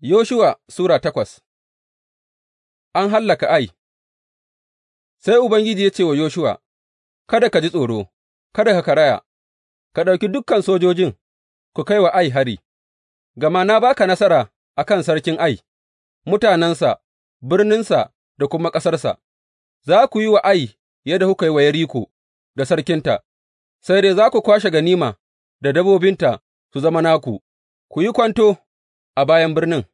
Yoshuwa Sura takwas An hallaka Ai Sai Ubangiji ya ce wa Yoshuwa, Kada ka ji tsoro, kada ka karaya, ka ɗauki dukkan sojojin ku kai wa Ai hari, gama na ba ka nasara a kan sarkin Ai, mutanensa, birninsa da kuma ƙasarsa, za ku yi wa Ai yadda kuka yi wa Yariko da sarkinta, sai dai za ku kwashe ganima da dabobinta su zama naku, ku yi kwanto. a bayan birnin,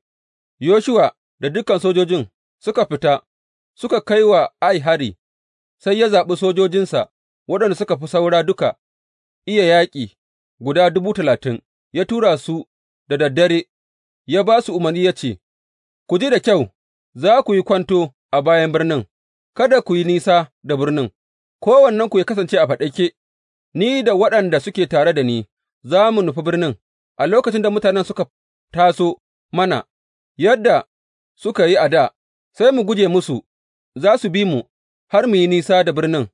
Yoshuwa da dukan sojojin suka fita suka kai wa Ai hari, sai ya zaɓi sojojinsa waɗanda suka fi saura duka iya yaƙi guda dubu talatin, ya tura su da daddare, ya ba su umarni ya ce, Ku ji da kyau, za ku yi kwanto a bayan birnin, kada ku yi nisa da birnin, kowannenku ya kasance a faɗake, ni da waɗanda suke tare da ni za mu nufi birnin, a lokacin da mutanen suka taso mana yadda suka yi a dā, sai mu guje musu, za su bi mu har mu yi nisa da birnin,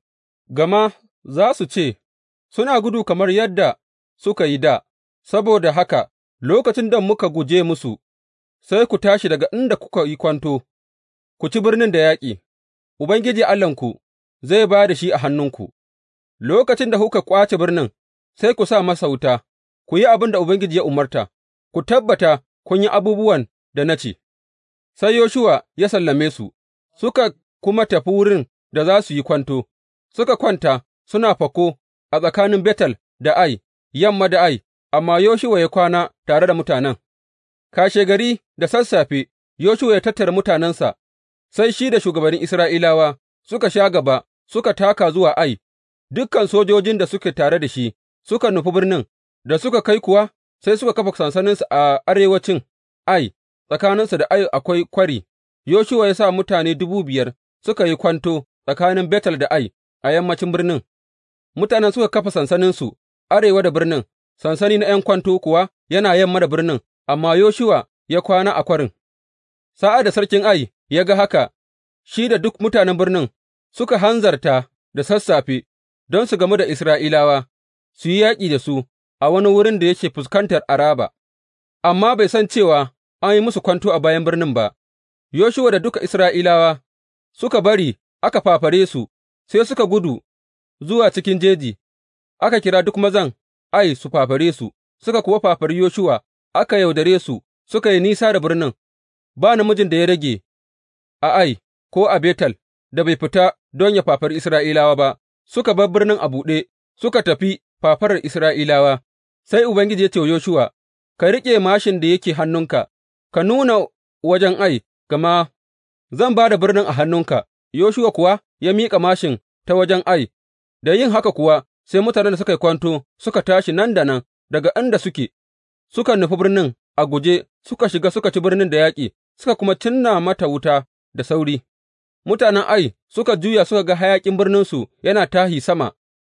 gama za su ce, Suna gudu kamar yadda suka yi dā, saboda haka lokacin da muka guje musu, sai ku tashi daga inda kuka yi kwanto, ku ci birnin da yaƙi, Ubangiji Allahnku zai ba da shi a hannunku, lokacin da kuka ƙwace birnin, sai ku sa masa wuta, ku yi abin da Ubangiji ya umarta. Ku tabbata kun yi abubuwan da na ce. Sai Yoshuwa ya sallame su, suka kuma tafi wurin da za su yi kwanto, suka kwanta suna fako a tsakanin Betel da Ai, yamma da Ai, amma Yoshuwa ya kwana tare da mutanen. Kashegari da sassafe, Yoshuwa ya tattara mutanensa, sai shi da shugabannin Isra'ilawa suka sha gaba suka taka zuwa Ai, dukkan sojojin da suke tare da shi suka nufi birnin, da suka kai kuwa Sai suka kafa sansaninsu a arewacin Ai, tsakaninsu da Ai akwai kwari, Yoshuwa ya sa mutane dubu biyar suka yi kwanto tsakanin Betel da Ai a yammacin birnin, mutanen suka kafa sansaninsu arewa da birnin, sansani na ’yan kwanto kuwa yana yamma da birnin, amma Yoshuwa ya kwana a kwarin. Sa'ad da sarkin Ai ya ga haka, shi da duk mutanen birnin suka hanzarta da sassafe don su gamu da Isra'ilawa, su yi yaƙi da su, a wani wurin da yake fuskantar Araba, amma bai san cewa an yi musu kwanto a bayan birnin ba, Yoshuwa da duka Isra'ilawa suka bari aka fafare su, sai suka gudu zuwa cikin jeji, aka kira duk mazan Ai su fafare su, suka kuwa fafari Yoshuwa, aka yaudare su, suka yi nisa da birnin, ba namijin da ya rage a Ai ko a Betel da bai fita don ya fafari Isra'ilawa ba, suka bar birnin a buɗe, suka tafi fafarar Isra'ilawa. Sai Ubangiji ya ce wa Yoshuwa, Ka riƙe māshin da yake hannunka, ka nuna wajen Ai, gama zan ba da birnin a hannunka, Yoshuwa kuwa ya miƙa māshin ta wajen Ai, da yin haka kuwa sai mutanen da suka yi kwanto suka tashi nan da nan daga inda suke, suka nufi birnin a guje, suka shiga suka ci birnin da yaƙi, suka kuma cinna mata wuta da sauri. Mutanen Ai suka juya suka ga hayaƙin birninsu yana tahi sama,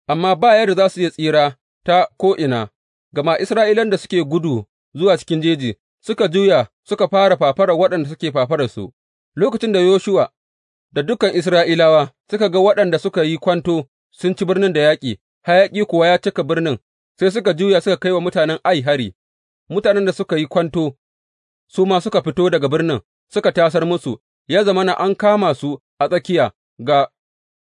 amma ba yadda za su iya tsira ta ko'ina. Gama Isra'ilan da suke gudu zuwa cikin jeji suka juya suka fara fafarar waɗanda suke fafararsu, lokacin da Yoshuwa da dukan Isra'ilawa suka ga waɗanda suka yi kwanto sun ci birnin da yaƙi, hayaƙi kuwa ya cika birnin, sai suka juya suka kai wa mutanen Ai hari, mutanen da suka yi kwanto su ma suka fito daga birnin suka tasar musu, ya zama na an kama su a tsakiya ga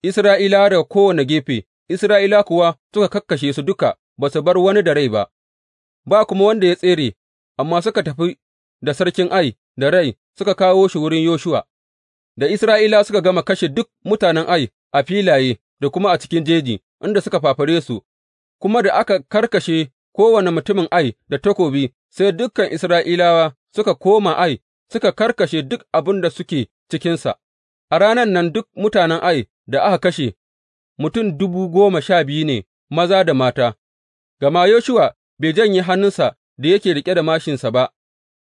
Isra'ila daga kowane gefe, Isra'ila kuwa suka kakkashe su duka. ba su bar wani da rai ba, ba kuma wanda ya tsere, amma suka tafi da sarkin Ai da rai suka kawo shi wurin Yoshuwa, da isra'ila suka gama kashe duk mutanen Ai a filaye da kuma a cikin jeji inda suka fafare su, kuma da aka karkashe kowane mutumin Ai da takobi, sai dukan Isra'ilawa suka koma Ai suka karkashe duk abin da suke cikinsa. A ranan nan duk mutanen Ai da aka kashe mutum dubu goma sha biyu ne maza da mata, Gama Yoshuwa bai janye hannunsa da yake riƙe da māshinsa ba,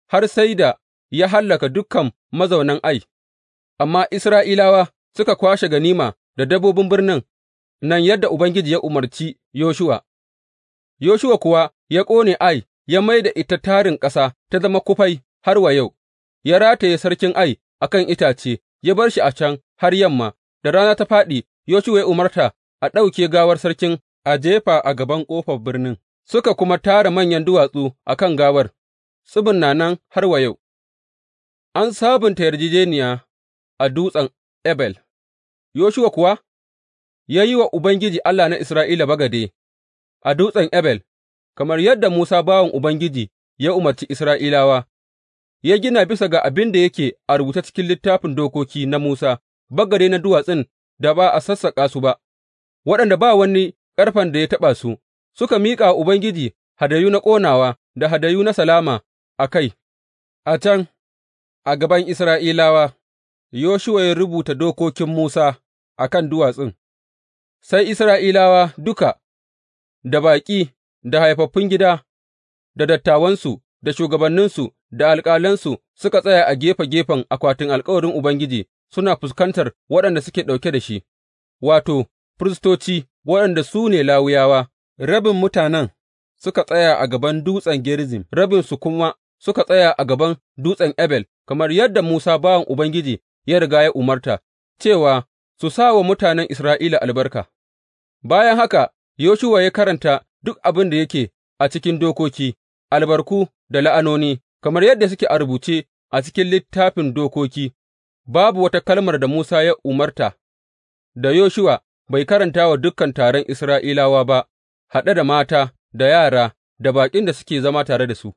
har sai da ya hallaka dukan mazaunan Ai, amma Isra'ilawa suka kwashe ganima da dabbobin birnin nan yadda Ubangiji ya umarci Yoshuwa, Yoshuwa kuwa ya ƙone Ai, ya mai da ita tarin ƙasa ta zama kufai har wa yau, ya rataye sarkin Ai a kan itace, ya bar shi a can har yamma, da rana ta faɗi, Yoshuwa ya umarta a ɗauke gawar sarkin a jefa a gaban ƙofar birnin, suka kuma tara manyan duwatsu a kan gawar, tsibin na nan har wa yau. An sabunta yarjejeniya a dutsen Ebel, Yoshuwa kuwa ya yi wa Ubangiji Allah na Isra'ila bagade a dutsen Ebel, kamar yadda Musa bawan Ubangiji ya umarci Isra'ilawa, ya gina bisa ga abin da yake a rubuta cikin littafin dokoki na Musa, bagade na duwatsun da ba a sassaƙa su ba, waɗanda ba wani ƙarfen da ya taɓa su, suka miƙa wa Ubangiji hadayu na ƙonawa da hadayu na salama a kai, a can, a gaban Isra'ilawa, Yoshuwa ya rubuta dokokin Musa a kan duwatsun, sai Isra'ilawa duka, da baƙi, da haifaffun gida, da dattawansu, da shugabanninsu, da alƙalansu suka tsaya a gefe-gefen akwatin alkawarin Ubangiji suna fuskantar waɗanda suke ɗauke da shi, wato, firistoci waɗanda su ne Lawiyawa, rabin mutanen suka tsaya a gaban dutsen Gerizim, rabinsu kuma suka tsaya a gaban dutsen Ebel. kamar yadda Musa bawan Ubangiji ya riga ya umarta, cewa su sa wa mutanen Isra'ila albarka. Bayan haka, Yoshuwa ya karanta duk abin da yake a cikin dokoki, albarku da la'anoni, kamar yadda suke a rubuce a cikin littafin dokoki, babu wata kalmar da Musa ya umarta da Yoshuwa bai karanta wa dukan taron Isra'ilawa ba, haɗe da mata, da yara, da baƙin da suke zama tare da su.